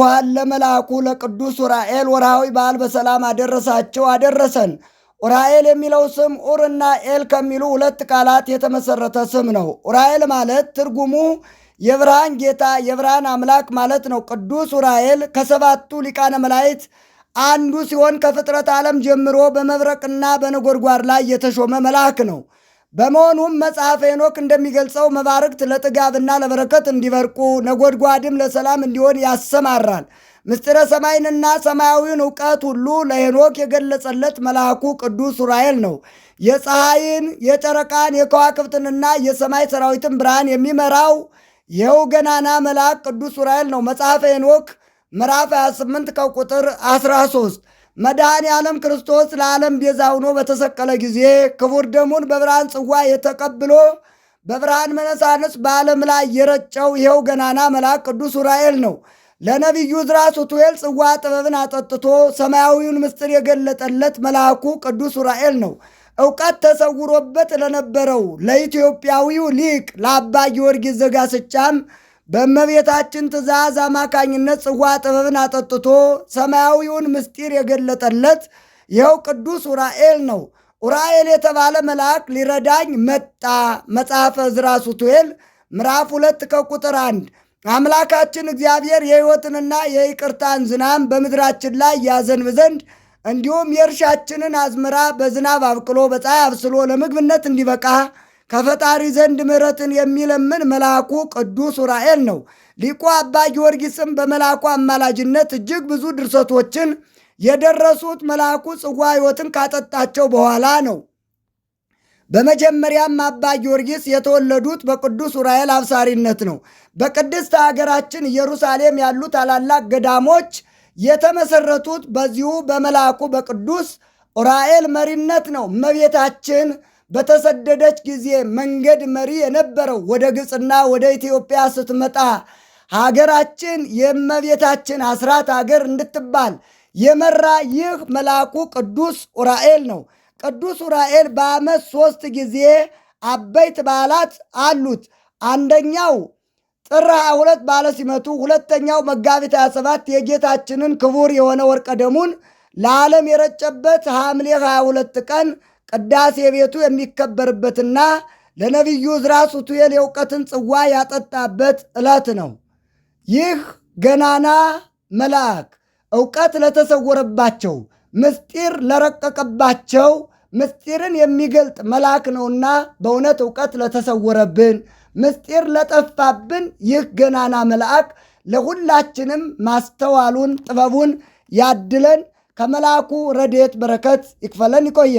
እንኳን ለመልአኩ ለቅዱስ ዑራኤል ወርሃዊ በዓል በሰላም አደረሳቸው አደረሰን። ዑራኤል የሚለው ስም ኡር እና ኤል ከሚሉ ሁለት ቃላት የተመሰረተ ስም ነው። ዑራኤል ማለት ትርጉሙ የብርሃን ጌታ፣ የብርሃን አምላክ ማለት ነው። ቅዱስ ዑራኤል ከሰባቱ ሊቃነ መላእክት አንዱ ሲሆን ከፍጥረት ዓለም ጀምሮ በመብረቅና በነጎድጓድ ላይ የተሾመ መልአክ ነው። በመሆኑም መጽሐፈ ሄኖክ እንደሚገልጸው መባርክት ለጥጋብና ለበረከት እንዲበርቁ ነጎድጓድም ለሰላም እንዲሆን ያሰማራል። ምስጢረ ሰማይንና ሰማያዊን እውቀት ሁሉ ለሄኖክ የገለጸለት መልአኩ ቅዱስ ዑራኤል ነው። የፀሐይን፣ የጨረቃን፣ የከዋክብትንና የሰማይ ሰራዊትን ብርሃን የሚመራው ይኸው ገናና መልአክ ቅዱስ ዑራኤል ነው። መጽሐፈ ሄኖክ ምዕራፍ 28 ከቁጥር 13 መድኃኔ ዓለም ክርስቶስ ለዓለም ቤዛ ሆኖ በተሰቀለ ጊዜ ክቡር ደሙን በብርሃን ጽዋ የተቀብሎ በብርሃን መነሳነስ በዓለም ላይ የረጨው ይኸው ገናና መልአክ ቅዱስ ዑራኤል ነው። ለነቢዩ ዕዝራ ሱቱኤል ጽዋ ጥበብን አጠጥቶ ሰማያዊውን ምስጢር የገለጠለት መልአኩ ቅዱስ ዑራኤል ነው። እውቀት ተሰውሮበት ለነበረው ለኢትዮጵያዊው ሊቅ ለአባ ጊዮርጊስ ዘጋስጫም በእመቤታችን ትእዛዝ አማካኝነት ጽዋ ጥበብን አጠጥቶ ሰማያዊውን ምስጢር የገለጠለት ይኸው ቅዱስ ኡራኤል ነው። ኡራኤል የተባለ መልአክ ሊረዳኝ መጣ። መጽሐፈ ዕዝራ ሱቱኤል ምዕራፍ ሁለት ከቁጥር አንድ አምላካችን እግዚአብሔር የሕይወትንና የይቅርታን ዝናም በምድራችን ላይ ያዘንብ ዘንድ እንዲሁም የእርሻችንን አዝመራ በዝናብ አብቅሎ በፀሐይ አብስሎ ለምግብነት እንዲበቃ ከፈጣሪ ዘንድ ምሕረትን የሚለምን መልአኩ ቅዱስ ዑራኤል ነው። ሊቁ አባ ጊዮርጊስም በመልአኩ አማላጅነት እጅግ ብዙ ድርሰቶችን የደረሱት መልአኩ ጽዋ ሕይወትን ካጠጣቸው በኋላ ነው። በመጀመሪያም አባ ጊዮርጊስ የተወለዱት በቅዱስ ዑራኤል አብሳሪነት ነው። በቅድስት ሀገራችን ኢየሩሳሌም ያሉ ታላላቅ ገዳሞች የተመሰረቱት በዚሁ በመልአኩ በቅዱስ ዑራኤል መሪነት ነው። እመቤታችን በተሰደደች ጊዜ መንገድ መሪ የነበረው ወደ ግብፅና ወደ ኢትዮጵያ ስትመጣ ሀገራችን የእመቤታችን አስራት ሀገር እንድትባል የመራ ይህ መልአኩ ቅዱስ ዑራኤል ነው። ቅዱስ ዑራኤል በዓመት ሶስት ጊዜ አበይት በዓላት አሉት። አንደኛው ጥር 22 ሁለት በዓለ ሲመቱ፣ ሁለተኛው መጋቢት 27 የጌታችንን ክቡር የሆነ ወርቀ ደሙን ለዓለም የረጨበት ሐምሌ 22 ቀን ቅዳሴ ቤቱ የሚከበርበትና ለነቢዩ ዕዝራ ሱቱኤል የእውቀትን ጽዋ ያጠጣበት ዕለት ነው። ይህ ገናና መልአክ እውቀት ለተሰወረባቸው ምስጢር ለረቀቀባቸው ምስጢርን የሚገልጥ መልአክ ነውና በእውነት እውቀት ለተሰወረብን ምስጢር ለጠፋብን ይህ ገናና መልአክ ለሁላችንም ማስተዋሉን ጥበቡን ያድለን። ከመልአኩ ረድኤት በረከት ይክፈለን። ይቆየን።